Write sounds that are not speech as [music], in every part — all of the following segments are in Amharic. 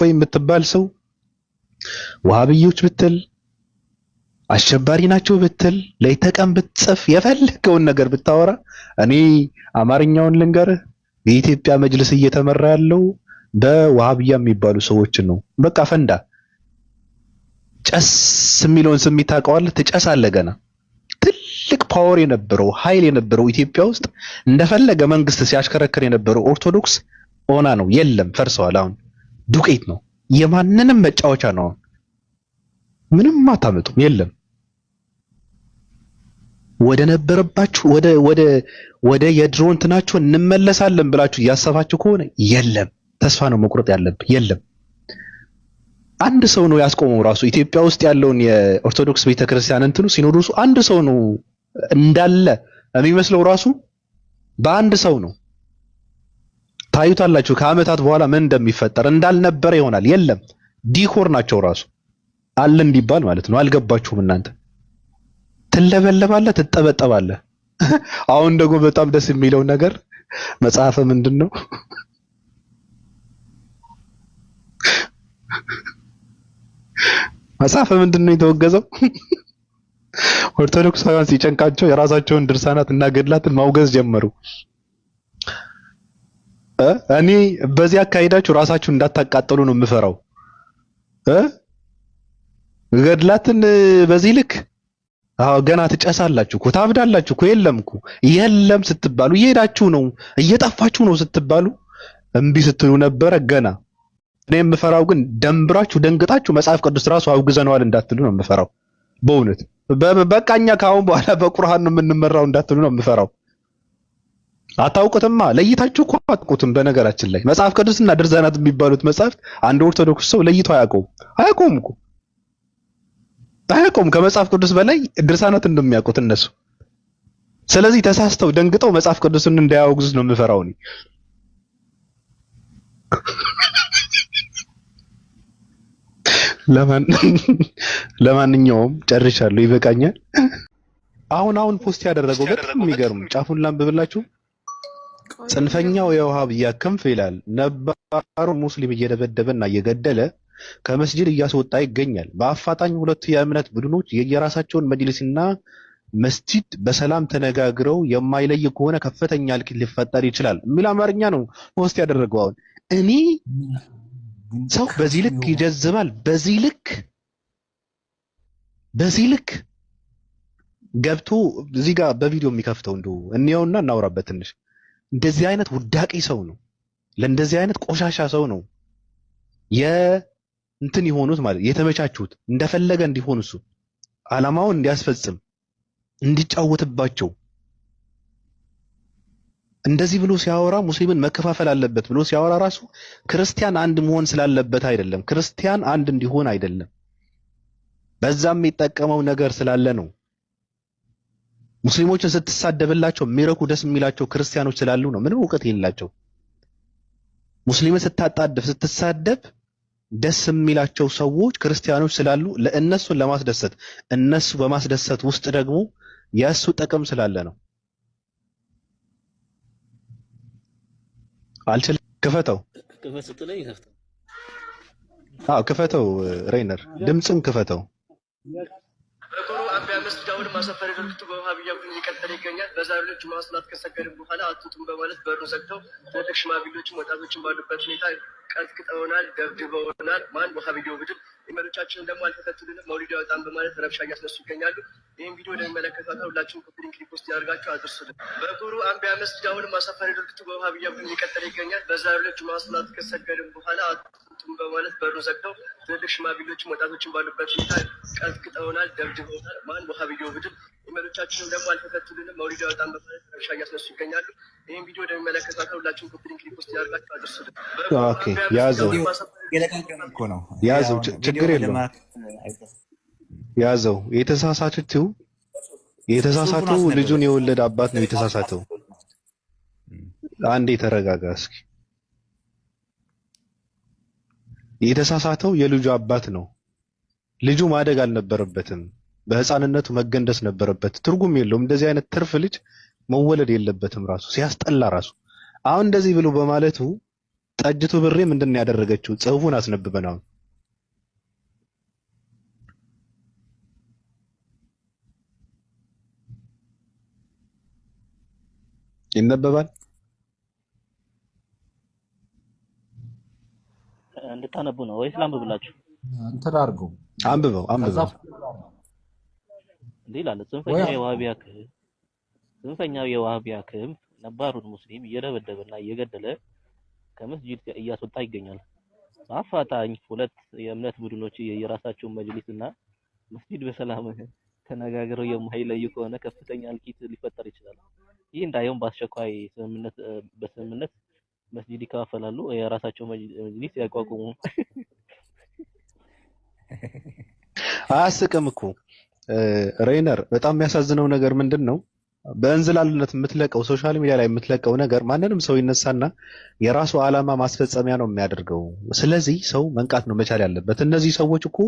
እፎይ የምትባል ሰው ወሃብዮች ብትል አሸባሪ ናቸው ብትል ለይተቀም ብትጽፍ የፈለገውን ነገር ብታወራ እኔ አማርኛውን ልንገርህ የኢትዮጵያ መጅልስ እየተመራ ያለው በዋሃብያ የሚባሉ ሰዎችን ነው። በቃ ፈንዳ ጨስ የሚለውን ስሜት ታውቀዋለህ። አለ ገና ትልቅ ፓወር የነበረው ኃይል የነበረው ኢትዮጵያ ውስጥ እንደፈለገ መንግስት ሲያሽከረክር የነበረው ኦርቶዶክስ ኦና ነው። የለም፣ ፈርሰዋል አሁን ዱቄት ነው። የማንንም መጫወቻ ነው። ምንም አታመጡም። የለም ወደ ነበረባችሁ ወደ ወደ ወደ የድሮ እንትናችሁ እንመለሳለን ብላችሁ እያሰባችሁ ከሆነ የለም፣ ተስፋ ነው መቁረጥ ያለብን። የለም አንድ ሰው ነው ያስቆመው። ራሱ ኢትዮጵያ ውስጥ ያለውን የኦርቶዶክስ ቤተክርስቲያን እንትኑ ሲኖዶሱ አንድ ሰው ነው እንዳለ የሚመስለው ራሱ በአንድ ሰው ነው ታዩታላችሁ ከአመታት በኋላ ምን እንደሚፈጠር እንዳልነበረ ይሆናል። የለም ዲኮር ናቸው ራሱ አለ እንዲባል ማለት ነው። አልገባችሁም እናንተ ትለበለባለ ትጠበጠባለህ። [laughs] አሁን ደግሞ በጣም ደስ የሚለው ነገር መጽሐፈ ምንድን ነው [laughs] መጽሐፈ ምንድን ነው የተወገዘው [laughs] ኦርቶዶክሳውያን ሲጨንቃቸው የራሳቸውን ድርሳናት እና ገድላትን ማውገዝ ጀመሩ። እኔ በዚህ አካሄዳችሁ ራሳችሁ እንዳታቃጠሉ ነው የምፈራው። ገድላትን በዚህ ልክ ገና ትጨሳላችሁ ታብዳላችሁ እኮ የለም እኮ የለም ስትባሉ እየሄዳችሁ ነው እየጠፋችሁ ነው ስትባሉ እምቢ ስትሉ ነበረ ገና። እኔ የምፈራው ግን ደንብራችሁ ደንግጣችሁ መጽሐፍ ቅዱስ ራሱ አውግዘነዋል እንዳትሉ ነው የምፈራው። በእውነት በቃ እኛ ከአሁን በኋላ በቁርአን ነው የምንመራው እንዳትሉ ነው የምፈራው። አታውቁትማ ለይታችሁ እኮ አታውቁትም። በነገራችን ላይ መጽሐፍ ቅዱስና ድርዘናት የሚባሉት መጽሐፍት አንድ ኦርቶዶክስ ሰው ለይቶ አያውቀውም። አያውቀውም እኮ አያውቀውም። ከመጽሐፍ ቅዱስ በላይ ድርሳናት እንደሚያውቁት እነሱ። ስለዚህ ተሳስተው ደንግጠው መጽሐፍ ቅዱስን እንዳያወግዙት ነው የምፈራው እኔ። [laughs] ለማንኛውም ጨርሻለሁ፣ ይበቃኛል። አሁን አሁን ፖስት ያደረገው በጣም የሚገርም ጫፉን ላንብብላችሁ። ጽንፈኛው የውሃ ብያ ክንፍ ይላል ነባሩ ሙስሊም እየደበደበና እየገደለ ከመስጂድ እያስወጣ ይገኛል። በአፋጣኝ ሁለቱ የእምነት ቡድኖች የየራሳቸውን መጅሊስና መስጂድ በሰላም ተነጋግረው የማይለይ ከሆነ ከፍተኛ እልቂት ሊፈጠር ይችላል የሚል አማርኛ ነው ሆስት ያደረገው። አሁን እኔ ሰው በዚህ ልክ ይጀዝባል፣ በዚህ ልክ በዚህ ልክ ገብቶ እዚህ ጋር በቪዲዮ የሚከፍተው እንዲሁ እንየውና እናውራበት ትንሽ እንደዚህ አይነት ውዳቂ ሰው ነው፣ ለእንደዚህ አይነት ቆሻሻ ሰው ነው የእንትን የሆኑት ማለት የተመቻቹት፣ እንደፈለገ እንዲሆን እሱ አላማውን እንዲያስፈጽም እንዲጫወትባቸው እንደዚህ ብሎ ሲያወራ ሙስሊምን መከፋፈል አለበት ብሎ ሲያወራ ራሱ ክርስቲያን አንድ መሆን ስላለበት አይደለም፣ ክርስቲያን አንድ እንዲሆን አይደለም፣ በዛም የሚጠቀመው ነገር ስላለ ነው። ሙስሊሞችን ስትሳደብላቸው የሚረኩ ደስ የሚላቸው ክርስቲያኖች ስላሉ ነው። ምንም እውቀት የሌላቸው ሙስሊምን ስታጣደፍ ስትሳደብ ደስ የሚላቸው ሰዎች ክርስቲያኖች ስላሉ ለእነሱን ለማስደሰት እነሱ በማስደሰት ውስጥ ደግሞ የእሱ ጥቅም ስላለ ነው። አልችልም። ክፈተው፣ ክፈተው፣ ሬይነር ድምፅን ክፈተው። ቅዱስ ዳውድ ማሰፈሪ ድርጊቱ በውሃብያ ቡድን እየቀጠለ ይገኛል። በዛሬ ዕለት ጁምዓ ሰላት ከሰገድን በኋላ አትውጡም በማለት በሩን ዘግተው ትልልቅ ሽማግሌዎችም ወጣቶችን ባሉበት ሁኔታ ቀጥቅጠውናል፣ ደብድበውናል። ማን ወሀብዮ ቡድን ኢሜሎቻችንን ደግሞ አልተከትልንም መውሊድ ያወጣን በማለት ረብሻ እያስነሱ ይገኛሉ። ይህም ቪዲዮ ለሚመለከታቸው ሁላችሁም ኮፒሊንክ ሪፖስት ያደርጋችሁ አድርሱልን። በጉሩ አንቢ አመስ ዳውንም አሳፋሪ ድርጊቱ በወሀብያ ቡድን እየቀጠለ ይገኛል። በዛ ዕለት ጁማ ሰላት ከሰገድን በኋላ አቱም በማለት በሩን ዘግተው ትልልቅ ሽማግሌዎችም ወጣቶችን ባሉበት ሁኔታ ቀጥቅጠውናል፣ ደብድበውናል። ማን ወሀብዮ ቡድን ኢሜሎቻችንን ደግሞ አልተከትሉንም መውሊድ ያወጣን በማለት ረብሻ እያስነሱ ይገኛሉ። ይህም ቪዲዮ ወደሚመለከታት ሁላችሁም ኮፒሊንክ ሪፖስት ያደርጋችሁ አድርሱልን። ያዘው ያዘው ችግር የለም ያዘው። የተሳሳተው የተሳሳተው ልጁን የወለደ አባት ነው የተሳሳተው። አንዴ የተረጋጋ እስኪ። የተሳሳተው የልጁ አባት ነው። ልጁ ማደግ አልነበረበትም። በህፃንነቱ መገንደስ ነበረበት። ትርጉም የለውም። እንደዚህ አይነት ትርፍ ልጅ መወለድ የለበትም። ራሱ ሲያስጠላ ራሱ አሁን እንደዚህ ብሎ በማለቱ ጠጅቱ ብሬ ምንድን ያደረገችው? ጽሁፉን አስነብበን አሁን ይነበባል እንድታነቡ ነው ወይስ ላንብብላችሁ? እንትን አድርገው አንብበው አንብበው እንዴ ላለ ጽንፈኛው የዋህቢያ ክህብ ጽንፈኛው የዋህቢያ ክህብ ነባሩን ሙስሊም እየደበደበና እየገደለ ከመስጂድ እያስወጣ ይገኛል። በአፋጣኝ ሁለት የእምነት ቡድኖች የራሳቸውን መጅሊስ እና መስጂድ በሰላም [laughs] ተነጋግረው የማይለዩ ከሆነ ከፍተኛ እልቂት ሊፈጠር ይችላል። ይህ እንዳይሆን በአስቸኳይ ስምምነት በስምምነት መስጂድ ይከፋፈላሉ፣ የራሳቸው መጅሊስ ያቋቁሙ። [laughs] አያስቅም እኮ ሬነር በጣም የሚያሳዝነው ነገር ምንድን ነው? በእንዝላልነት የምትለቀው ሶሻል ሚዲያ ላይ የምትለቀው ነገር ማንንም ሰው ይነሳና የራሱ ዓላማ ማስፈጸሚያ ነው የሚያደርገው። ስለዚህ ሰው መንቃት ነው መቻል ያለበት። እነዚህ ሰዎች እኮ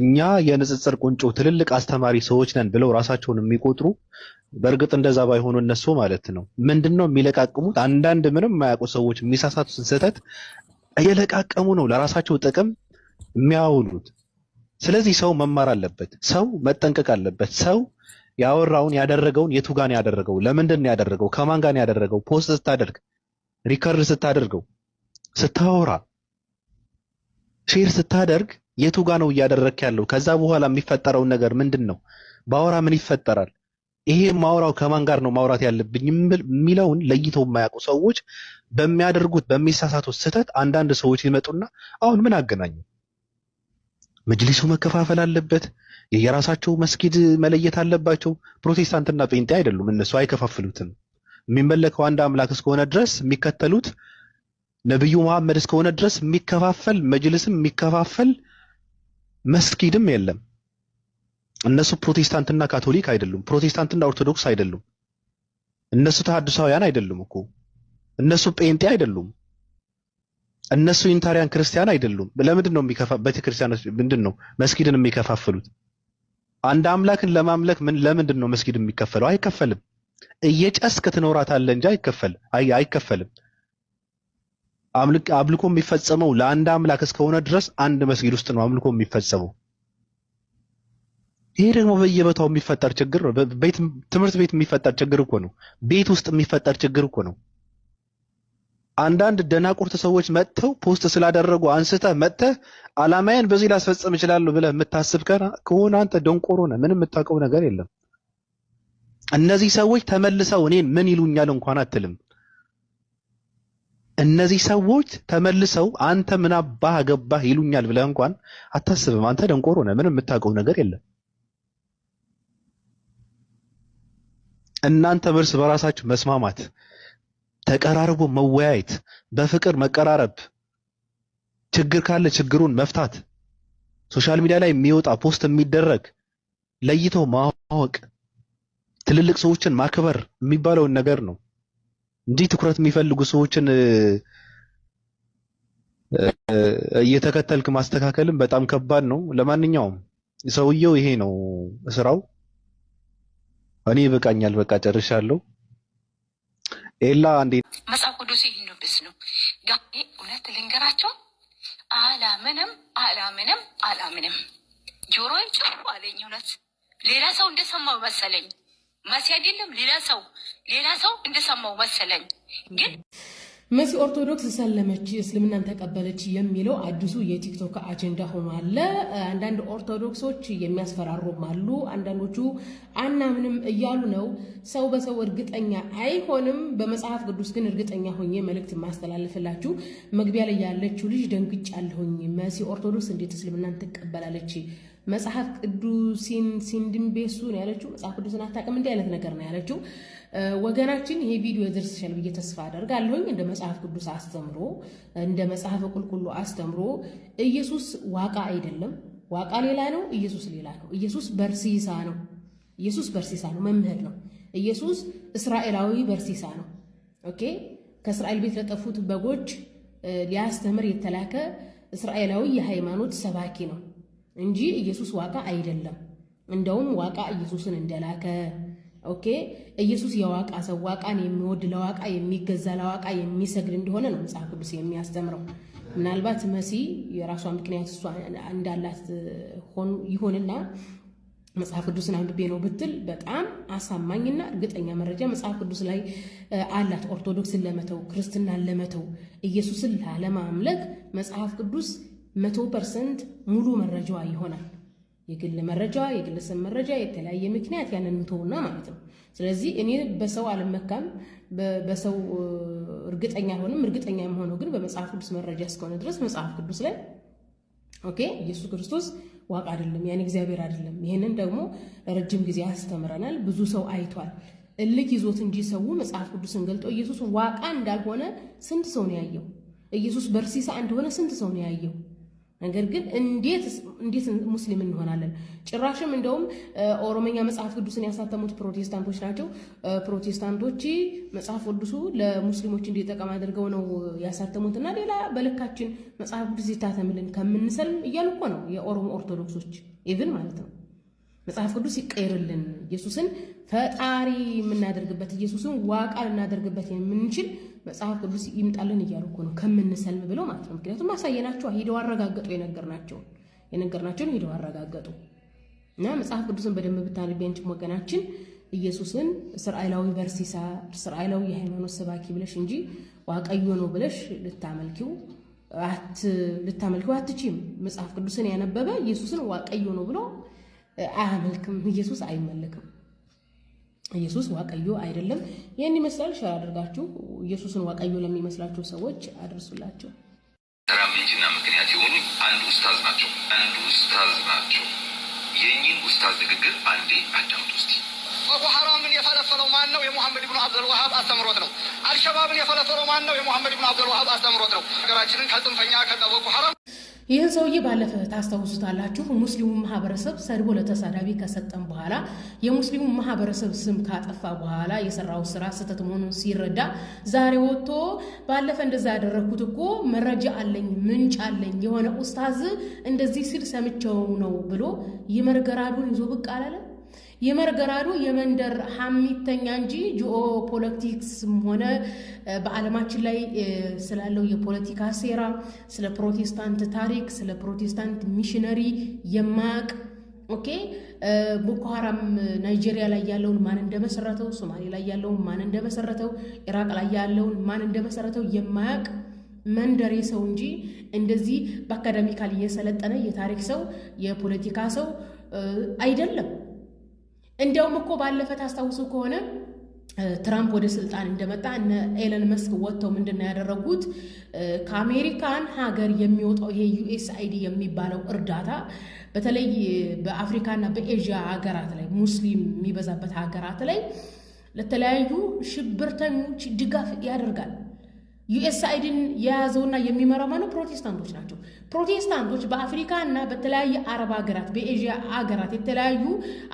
እኛ የንጽጽር ቁንጮ ትልልቅ አስተማሪ ሰዎች ነን ብለው ራሳቸውን የሚቆጥሩ በእርግጥ እንደዛ ባይሆኑ እነሱ ማለት ነው ምንድን ነው የሚለቃቅሙት? አንዳንድ ምንም የማያውቁ ሰዎች የሚሳሳቱትን ስህተት እየለቃቀሙ ነው ለራሳቸው ጥቅም የሚያውሉት። ስለዚህ ሰው መማር አለበት። ሰው መጠንቀቅ አለበት። ሰው ያወራውን ያደረገውን የቱ ጋን ያደረገው? ለምንድን ነው ያደረገው? ከማን ጋን ያደረገው? ፖስት ስታደርግ፣ ሪከርድ ስታደርገው፣ ስታወራ፣ ሼር ስታደርግ የቱ ጋ ነው እያደረግክ ያለው? ከዛ በኋላ የሚፈጠረውን ነገር ምንድን ነው? ባወራ ምን ይፈጠራል? ይሄ ማውራው ከማን ጋር ነው ማውራት ያለብኝ የሚለውን ለይቶ የማያውቁ ሰዎች በሚያደርጉት በሚሳሳቱት ስህተት አንዳንድ ሰዎች ይመጡና አሁን ምን አገናኘው መጅሊሱ መከፋፈል አለበት። የየራሳቸው መስጊድ መለየት አለባቸው። ፕሮቴስታንትና ጴንጤ አይደሉም፣ እነሱ አይከፋፍሉትም። የሚመለከው አንድ አምላክ እስከሆነ ድረስ የሚከተሉት ነቢዩ መሐመድ እስከሆነ ድረስ የሚከፋፈል መጅልስም የሚከፋፈል መስጊድም የለም። እነሱ ፕሮቴስታንትና ካቶሊክ አይደሉም፣ ፕሮቴስታንትና ኦርቶዶክስ አይደሉም። እነሱ ተሐድሳውያን አይደሉም እኮ እነሱ ጴንጤ አይደሉም። እነሱ ዩኒታሪያን ክርስቲያን አይደሉም። ለምንድን ነው ቤተክርስቲያኖች ምንድን ነው መስጊድን የሚከፋፍሉት? አንድ አምላክን ለማምለክ ምን ለምንድን ነው መስጊድ የሚከፈለው? አይከፈልም። እየጨስክ ትኖራታለህ እንጂ አይከፈልም። አምልኮ የሚፈጸመው ለአንድ አምላክ እስከሆነ ድረስ አንድ መስጊድ ውስጥ ነው አምልኮ የሚፈጸመው። ይሄ ደግሞ በየቦታው የሚፈጠር ችግር ነው። ትምህርት ቤት የሚፈጠር ችግር እኮ ነው። ቤት ውስጥ የሚፈጠር ችግር እኮ ነው። አንዳንድ ደናቁርት ሰዎች መጥተው ፖስት ስላደረጉ አንስተህ መጥተህ አላማዬን በዚህ ላስፈጽም እችላለሁ ብለህ የምታስብ ከሆነ አንተ ደንቆሮ ነህ። ምንም የምታውቀው ነገር የለም። እነዚህ ሰዎች ተመልሰው እኔን ምን ይሉኛል እንኳን አትልም። እነዚህ ሰዎች ተመልሰው አንተ ምን አባህ አገባህ ይሉኛል ብለህ እንኳን አታስብም። አንተ ደንቆሮ ነህ። ምንም የምታውቀው ነገር የለም። እናንተ እርስ በራሳችሁ መስማማት ተቀራርቦ መወያየት፣ በፍቅር መቀራረብ፣ ችግር ካለ ችግሩን መፍታት፣ ሶሻል ሚዲያ ላይ የሚወጣ ፖስት የሚደረግ ለይቶ ማወቅ፣ ትልልቅ ሰዎችን ማክበር የሚባለውን ነገር ነው እንጂ ትኩረት የሚፈልጉ ሰዎችን እየተከተልክ ማስተካከልም በጣም ከባድ ነው። ለማንኛውም ሰውየው ይሄ ነው ስራው። እኔ ይበቃኛል፣ በቃ ጨርሻለሁ። ኤላ አንዴ መጽሐፍ ቅዱስ ይህን ነው ጋኔ እውነት ልንገራቸው አላምንም አላምንም አላምንም ጆሮዬን ጭፉ አለኝ። እውነት ሌላ ሰው እንደሰማው መሰለኝ። መሲ አይደለም ሌላ ሰው ሌላ ሰው እንደሰማው መሰለኝ ግን መሲ ኦርቶዶክስ ሰለመች እስልምናን ተቀበለች የሚለው አዲሱ የቲክቶክ አጀንዳ አለ። አንዳንድ ኦርቶዶክሶች የሚያስፈራሩም አሉ። አንዳንዶቹ አናምንም እያሉ ነው። ሰው በሰው እርግጠኛ አይሆንም። በመጽሐፍ ቅዱስ ግን እርግጠኛ ሆኜ መልእክት ማስተላለፍላችሁ መግቢያ ላይ ያለችው ልጅ ደንግጫለሁኝ። መሲ ኦርቶዶክስ እንዴት እስልምናን ትቀበላለች? መጽሐፍ ቅዱስን ሲንድንቤሱ ነው ያለችው። መጽሐፍ ቅዱስን አታውቅም እንዲህ አይነት ነገር ነው ያለችው። ወገናችን ይሄ ቪዲዮ ይደርስሻል ብዬ ተስፋ አደርጋለሁኝ። እንደ መጽሐፍ ቅዱስ አስተምሮ እንደ መጽሐፈ ቁልቁሉ አስተምሮ ኢየሱስ ዋቃ አይደለም። ዋቃ ሌላ ነው፣ ኢየሱስ ሌላ ነው። ኢየሱስ በርሲሳ ነው። ኢየሱስ በርሲሳ ነው፣ መምህር ነው። ኢየሱስ እስራኤላዊ በርሲሳ ነው። ኦኬ ከእስራኤል ቤት ለጠፉት በጎች ሊያስተምር የተላከ እስራኤላዊ የሃይማኖት ሰባኪ ነው እንጂ ኢየሱስ ዋቃ አይደለም። እንደውም ዋቃ ኢየሱስን እንደላከ ኦኬ ኢየሱስ የዋቃ ሰው ዋቃን የሚወድ ለዋቃ የሚገዛ ለዋቃ የሚሰግድ እንደሆነ ነው መጽሐፍ ቅዱስ የሚያስተምረው። ምናልባት መሲ የራሷ ምክንያት እሷ እንዳላት ይሆንና መጽሐፍ ቅዱስን አንብቤ ነው ብትል በጣም አሳማኝና እርግጠኛ መረጃ መጽሐፍ ቅዱስ ላይ አላት። ኦርቶዶክስን ለመተው ክርስትናን ለመተው ኢየሱስን ላለማምለክ መጽሐፍ ቅዱስ መቶ ፐርሰንት ሙሉ መረጃዋ ይሆናል። የግል መረጃ የግል ስም መረጃ የተለያየ ምክንያት ያንን ተውና ማለት ነው። ስለዚህ እኔ በሰው አልመካም፣ በሰው እርግጠኛ አልሆንም። እርግጠኛ የምሆነው ግን በመጽሐፍ ቅዱስ መረጃ እስከሆነ ድረስ መጽሐፍ ቅዱስ ላይ ኦኬ ኢየሱስ ክርስቶስ ዋቅ አይደለም፣ ያን እግዚአብሔር አይደለም። ይህንን ደግሞ ረጅም ጊዜ ያስተምረናል፣ ብዙ ሰው አይቷል። እልክ ይዞት እንጂ ሰው መጽሐፍ ቅዱስን ገልጦ ኢየሱስ ዋቃ እንዳልሆነ ስንት ሰው ነው ያየው? ኢየሱስ በርሲሳ እንደሆነ ስንት ሰው ነው ያየው? ነገር ግን እንዴት እንዴት ሙስሊም እንሆናለን? ጭራሽም እንደውም ኦሮመኛ መጽሐፍ ቅዱስን ያሳተሙት ፕሮቴስታንቶች ናቸው። ፕሮቴስታንቶች መጽሐፍ ቅዱሱ ለሙስሊሞች እንዲጠቀም አድርገው ነው ያሳተሙት እና ሌላ በልካችን መጽሐፍ ቅዱስ ይታተምልን ከምንሰልም እያሉ እኮ ነው የኦሮሞ ኦርቶዶክሶች ኢቭን ማለት ነው መጽሐፍ ቅዱስ ይቀይርልን ኢየሱስን ፈጣሪ የምናደርግበት ኢየሱስን ዋቃ ልናደርግበት የምንችል መጽሐፍ ቅዱስ ይምጣልን እያሉ እኮ ነው ከምንሰልም ብለው ማለት ነው። ምክንያቱም አሳየናቸው፣ ሄደው አረጋገጡ። የነገርናቸው የነገርናቸውን ሄደው አረጋገጡ። እና መጽሐፍ ቅዱስን በደንብ ብታነቢ ወገናችን ኢየሱስን እስራኤላዊ በርሲሳ እስራኤላዊ የሃይማኖት ሰባኪ ብለሽ እንጂ ዋቀዮ ነው ብለሽ ልታመልኪው ልታመልኪው አትችም። መጽሐፍ ቅዱስን ያነበበ ኢየሱስን ዋቀዮ ነው ብሎ አያመልክም። ኢየሱስ አይመልክም። ኢየሱስ ዋቀዮ አይደለም። ይህን ይመስላል። ሸር አድርጋችሁ ኢየሱስን ዋቀዮ ለሚመስላቸው ሰዎች አድርሱላቸው። ሰላም ምንጭና ምክንያት የሆኑ አንድ ኡስታዝ ናቸው። አንድ ኡስታዝ ናቸው። የእኚህን ኡስታዝ ንግግር አንዴ አዳምጡ እስቲ። ቦኮ ሐራምን የፈለፈለው ማን ነው? የሙሐመድ ብኑ አብዱልዋሃብ አስተምሮት ነው። አልሸባብን የፈለፈለው ማን ነው? የሙሐመድ ብኑ አብዱልዋሃብ አስተምሮት ነው። ሀገራችንን ከጽንፈኛ ከቦኮ ሐራም ይህን ሰውዬ ባለፈ ታስታውሱታላችሁ። ሙስሊሙ ማህበረሰብ ሰድቦ ለተሳዳቢ ከሰጠን በኋላ የሙስሊሙ ማህበረሰብ ስም ካጠፋ በኋላ የሰራው ስራ ስህተት መሆኑን ሲረዳ ዛሬ ወጥቶ ባለፈ እንደዛ ያደረግኩት እኮ መረጃ አለኝ፣ ምንጭ አለኝ፣ የሆነ ኡስታዝ እንደዚህ ሲል ሰምቸው ነው ብሎ ይመርገራዱን ይዞ ብቅ አላለም። የመርገራዶ የመንደር ሀሚተኛ እንጂ ጂኦ ፖለቲክስም ሆነ በዓለማችን ላይ ስላለው የፖለቲካ ሴራ፣ ስለ ፕሮቴስታንት ታሪክ፣ ስለ ፕሮቴስታንት ሚሽነሪ የማያቅ ኦኬ ቦኮ ሀራም ናይጄሪያ ላይ ያለውን ማን እንደመሰረተው፣ ሶማሌ ላይ ያለውን ማን እንደመሰረተው፣ ኢራቅ ላይ ያለውን ማን እንደመሰረተው የማያቅ መንደሬ ሰው እንጂ እንደዚህ በአካዳሚካል የሰለጠነ የታሪክ ሰው የፖለቲካ ሰው አይደለም። እንደውም እኮ ባለፈ ታስታውሱ ከሆነ ትራምፕ ወደ ስልጣን እንደመጣ እነ ኤለን መስክ ወጥተው ምንድን ነው ያደረጉት? ከአሜሪካን ሀገር የሚወጣው ይሄ ዩኤስ አይዲ የሚባለው እርዳታ በተለይ በአፍሪካና በኤዥያ ሀገራት ላይ ሙስሊም የሚበዛበት ሀገራት ላይ ለተለያዩ ሽብርተኞች ድጋፍ ያደርጋል። ዩኤስአይድን የያዘውና የሚመራው ማነው? ፕሮቴስታንቶች ናቸው። ፕሮቴስታንቶች በአፍሪካ እና በተለያየ አረብ ሀገራት፣ በኤዥያ ሀገራት የተለያዩ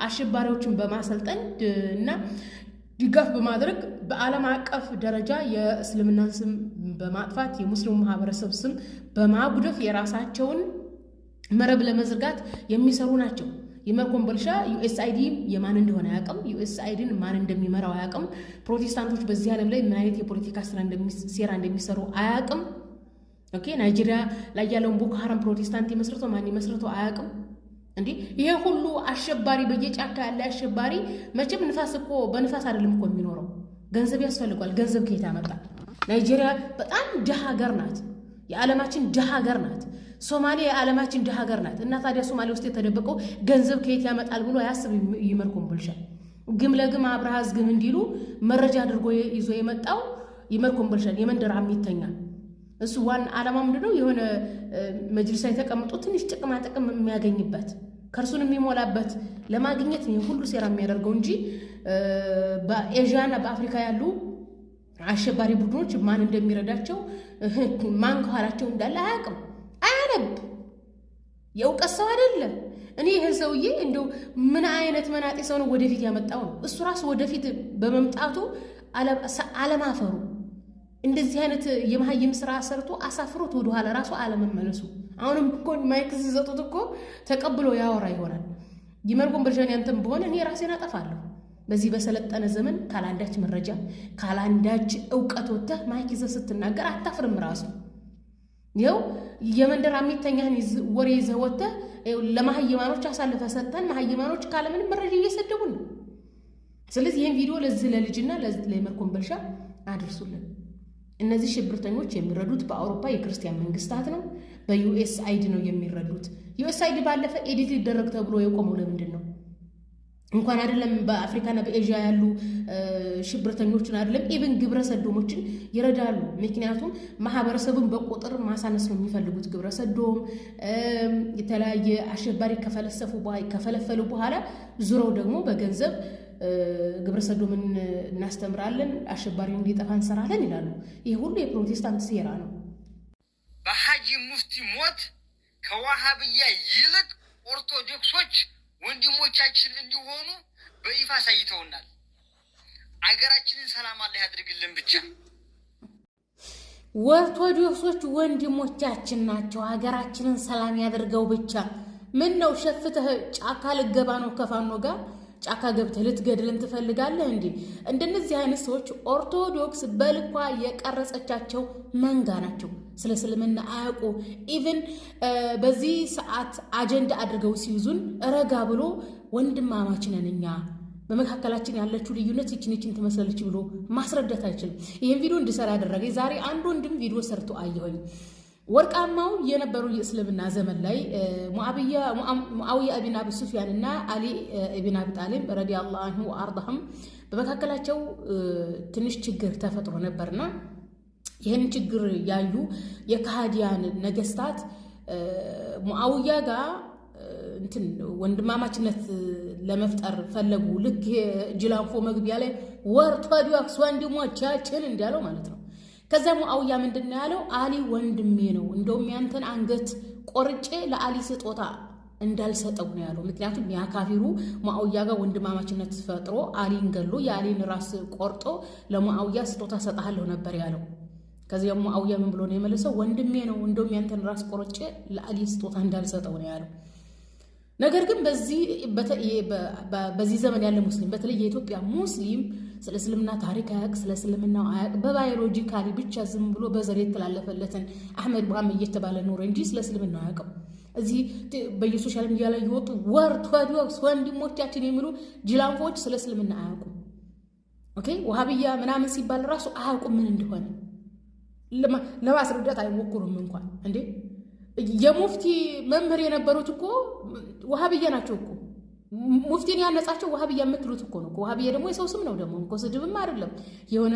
አሸባሪዎችን በማሰልጠን እና ድጋፍ በማድረግ በዓለም አቀፍ ደረጃ የእስልምናን ስም በማጥፋት የሙስሊሙ ማህበረሰብ ስም በማጉደፍ የራሳቸውን መረብ ለመዝርጋት የሚሰሩ ናቸው። የመር ኮምቦልቻ ዩኤስአይዲ የማን እንደሆነ አያውቅም። ዩኤስአይዲን ማን እንደሚመራው አያውቅም። ፕሮቴስታንቶች በዚህ ዓለም ላይ ምን አይነት የፖለቲካ ሴራ እንደሚሰሩ አያውቅም። ኦኬ ናይጄሪያ ላይ ያለውን ቦኮ ሀራም ፕሮቴስታንት የመስረተው ማን የመስረተው አያውቅም። እንዲህ ይሄ ሁሉ አሸባሪ በየጫካ ያለ አሸባሪ መቼም ንፋስ እኮ በንፋስ አይደለም እኮ የሚኖረው ገንዘብ ያስፈልጓል። ገንዘብ ከየት ያመጣል? ናይጄሪያ በጣም ድሃ ሀገር ናት። የዓለማችን ድሃ ሀገር ናት። ሶማሌ የዓለማችን እንደ ሀገር ናት እና ታዲያ ሶማሌ ውስጥ የተደበቀው ገንዘብ ከየት ያመጣል ብሎ አያስብ ይመርኮም ብልሻ ግም ለግም አብርሃዝ ግም እንዲሉ መረጃ አድርጎ ይዞ የመጣው ይመርኮም ብልሻል የመንደር አሚተኛ እሱ ዋና ዓላማ ምንድነው? የሆነ መጅልስ ላይ ተቀምጦ ትንሽ ጥቅማ ጥቅም የሚያገኝበት ከእርሱን የሚሞላበት ለማግኘት ሁሉ ሴራ የሚያደርገው እንጂ በኤዥያና በአፍሪካ ያሉ አሸባሪ ቡድኖች ማን እንደሚረዳቸው ማን ከኋላቸው እንዳለ አያውቅም። ልብ የእውቀት ሰው አይደለም። እኔ ይህን ሰውዬ እንደው ምን አይነት መናጤ ሰው ነው ወደፊት ያመጣው ነው። እሱ ራሱ ወደፊት በመምጣቱ አለማፈሩ እንደዚህ አይነት የመሀይም ስራ ሰርቶ አሳፍሮት ወደኋላ ራሱ አለመመለሱ። አሁንም እኮ ማይክ ሲሰጡት እኮ ተቀብሎ ያወራ ይሆናል። ይመርጎን ብርሻን ያንተም በሆነ እኔ ራሴን አጠፋለሁ። በዚህ በሰለጠነ ዘመን ካላንዳች መረጃ ካላንዳች እውቀት ወጥተህ ማይክ ይዘህ ስትናገር አታፍርም ራሱ ይኸው የመንደር አሚተኛህን ወሬ ዘወተ ወጥተህ ለማሀይማኖች አሳልፈህ ሰጥተን ካለምንም መረጃ እየሰደቡን ነው። ስለዚህ ይህን ቪዲዮ ለዚህ ለልጅና ለመርኮን በልሻ አድርሱልን። እነዚህ ሽብርተኞች የሚረዱት በአውሮፓ የክርስቲያን መንግስታት ነው፣ በዩኤስ ነው የሚረዱት። ዩኤስ አይድ ባለፈ ኤዲት ሊደረግ ተብሎ የቆመው ለምንድን ነው? እንኳን አይደለም በአፍሪካና በኤዥያ ያሉ ሽብርተኞችን አይደለም ኢቨን ግብረ ሰዶሞችን ይረዳሉ። ምክንያቱም ማህበረሰቡን በቁጥር ማሳነስ ነው የሚፈልጉት። ግብረሰዶም የተለያየ አሸባሪ ከፈለሰፉ ከፈለፈሉ በኋላ ዙረው ደግሞ በገንዘብ ግብረሰዶምን እናስተምራለን፣ አሸባሪ እንዲጠፋ እንሰራለን ይላሉ። ይህ ሁሉ የፕሮቴስታንት ሴራ ነው። በሀጂ ሙፍቲ ሞት ከዋሃብያ ይልቅ ኦርቶዶክሶች ወንድሞቻችን እንዲሆኑ በይፋ አሳይተውናል። አገራችንን ሰላም አለ ያድርግልን ብቻ ኦርቶዶክሶች ወንድሞቻችን ናቸው። ሀገራችንን ሰላም ያደርገው ብቻ። ምን ነው ሸፍተህ ጫካ ልገባ ነው? ከፋኖ ጋር ጫካ ገብተህ ልትገድልን ትፈልጋለህ? እንዲ እንደነዚህ አይነት ሰዎች ኦርቶዶክስ በልኳ የቀረጸቻቸው መንጋ ናቸው። ስለ እስልምና አያውቁ። ኢቨን በዚህ ሰዓት አጀንዳ አድርገው ሲይዙን ረጋ ብሎ ወንድማማች ነን እኛ በመካከላችን ያለችው ልዩነት ይችን ይችን ትመስላለች ብሎ ማስረዳት አይችልም። ይህን ቪዲዮ እንድሰራ ያደረገ ዛሬ አንድ ወንድም ቪዲዮ ሰርቶ አየሆኝ ወርቃማው የነበሩ የእስልምና ዘመን ላይ ሙአውያ ኢብን አቢ ሱፊያን እና አሊ ኢብን አቢ ጣሊብ ረዲየላሁ አንሁ አርዳህም በመካከላቸው ትንሽ ችግር ተፈጥሮ ነበርና ይህን ችግር ያዩ የካሃዲያን ነገስታት ሙአውያ ጋር እንትን ወንድማማችነት ለመፍጠር ፈለጉ። ልክ ጅላንፎ መግቢያ ላይ ወርቶዶክስ ወንድሞቻችን እንዲያለው ማለት ነው። ከዛ ሙአውያ ምንድን ነው ያለው? አሊ ወንድሜ ነው፣ እንደውም ያንተን አንገት ቆርጬ ለአሊ ስጦታ እንዳልሰጠው ነው ያለው። ምክንያቱም ያ ካፊሩ ሙአውያ ጋር ወንድማማችነት ፈጥሮ አሊን ገሎ የአሊን ራስ ቆርጦ ለሙአውያ ስጦታ ሰጠሃለሁ ነበር ያለው። ከዚህ ደግሞ አውያ ምን ብሎ ነው የመለሰው? ወንድሜ ነው እንደውም ያንተን ራስ ቆርጬ ለአሊ ስጦታ እንዳልሰጠው ነው ያለው። ነገር ግን በዚህ ዘመን ያለ ሙስሊም በተለይ የኢትዮጵያ ሙስሊም ስለ እስልምና ታሪክ አያቅ፣ ስለ እስልምናው አያቅ። በባዮሎጂካሊ ብቻ ዝም ብሎ በዘር የተላለፈለትን አህመድ ሙሐመድ እየተባለ ኖረ እንጂ ስለ እስልምናው አያቅም። እዚህ በየሶሻል ሚዲያ ላይ የወጡ ኦርቶዶክስ ወንድሞቻችን የሚሉ ጅላንፎች ስለ እስልምና አያውቁም። ኦኬ፣ ምናምን ሲባል ራሱ አያውቁም ምን እንደሆነ ለማስረዳት አይሞክሩም እንኳን እንዴ የሙፍቲ መምህር የነበሩት እኮ ውሃብያ ናቸው እኮ ሙፍቲን ያነጻቸው ውሃብያ የምትሉት እኮ ነው። ውሃብያ ደግሞ የሰው ስም ነው ደግሞ እኮ ስድብም አይደለም የሆነ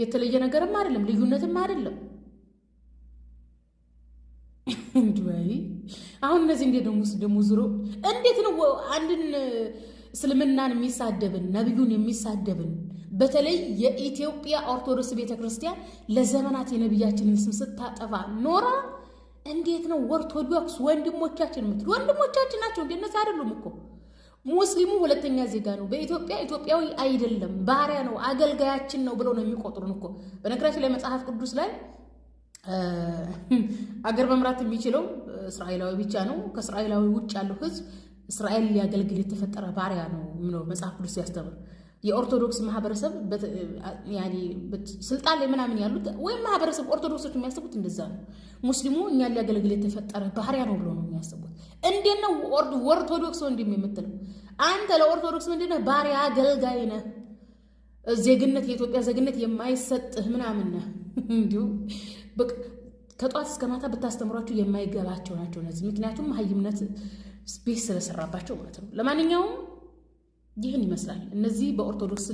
የተለየ ነገርም አይደለም ልዩነትም አይደለም። እንዲወይ አሁን እነዚህ እንዴት ደግሞ ዝሮ እንዴት ነው አንድን እስልምናን የሚሳደብን ነቢዩን የሚሳደብን በተለይ የኢትዮጵያ ኦርቶዶክስ ቤተ ክርስቲያን ለዘመናት የነቢያችንን ስም ስታጠፋ ኖራ እንዴት ነው ኦርቶዶክስ ወንድሞቻችን ምትሉ ወንድሞቻችን ናቸው እንዴ? አይደሉም እኮ ሙስሊሙ ሁለተኛ ዜጋ ነው በኢትዮጵያ ኢትዮጵያዊ አይደለም ባሪያ ነው አገልጋያችን ነው ብለው ነው የሚቆጥሩን እኮ በነገራችን ላይ መጽሐፍ ቅዱስ ላይ አገር መምራት የሚችለው እስራኤላዊ ብቻ ነው ከእስራኤላዊ ውጭ ያለው ህዝብ እስራኤል ሊያገልግል የተፈጠረ ባሪያ ነው ነው መጽሐፍ ቅዱስ ሲያስተምር የኦርቶዶክስ ማህበረሰብ ስልጣን ላይ ምናምን ያሉት ወይም ማህበረሰብ ኦርቶዶክሶች የሚያስቡት እንደዛ ነው። ሙስሊሙ እኛ ሊያገለግል የተፈጠረ ባህሪያ ነው ብሎ ነው የሚያስቡት። እንዴት ነው ኦርቶዶክስ ወንድም የምትለው አንተ? ለኦርቶዶክስ ምንድነህ? ባህሪያ አገልጋይ ነህ። ዜግነት፣ የኢትዮጵያ ዜግነት የማይሰጥህ ምናምን ነህ። [laughs] ከጠዋት እስከ ማታ ብታስተምሯቸው የማይገባቸው ናቸው እነዚህ። ምክንያቱም ሀይምነት ቤት ስለሰራባቸው ማለት ነው። ለማንኛውም ይህን ይመስላል። እነዚህ በኦርቶዶክስ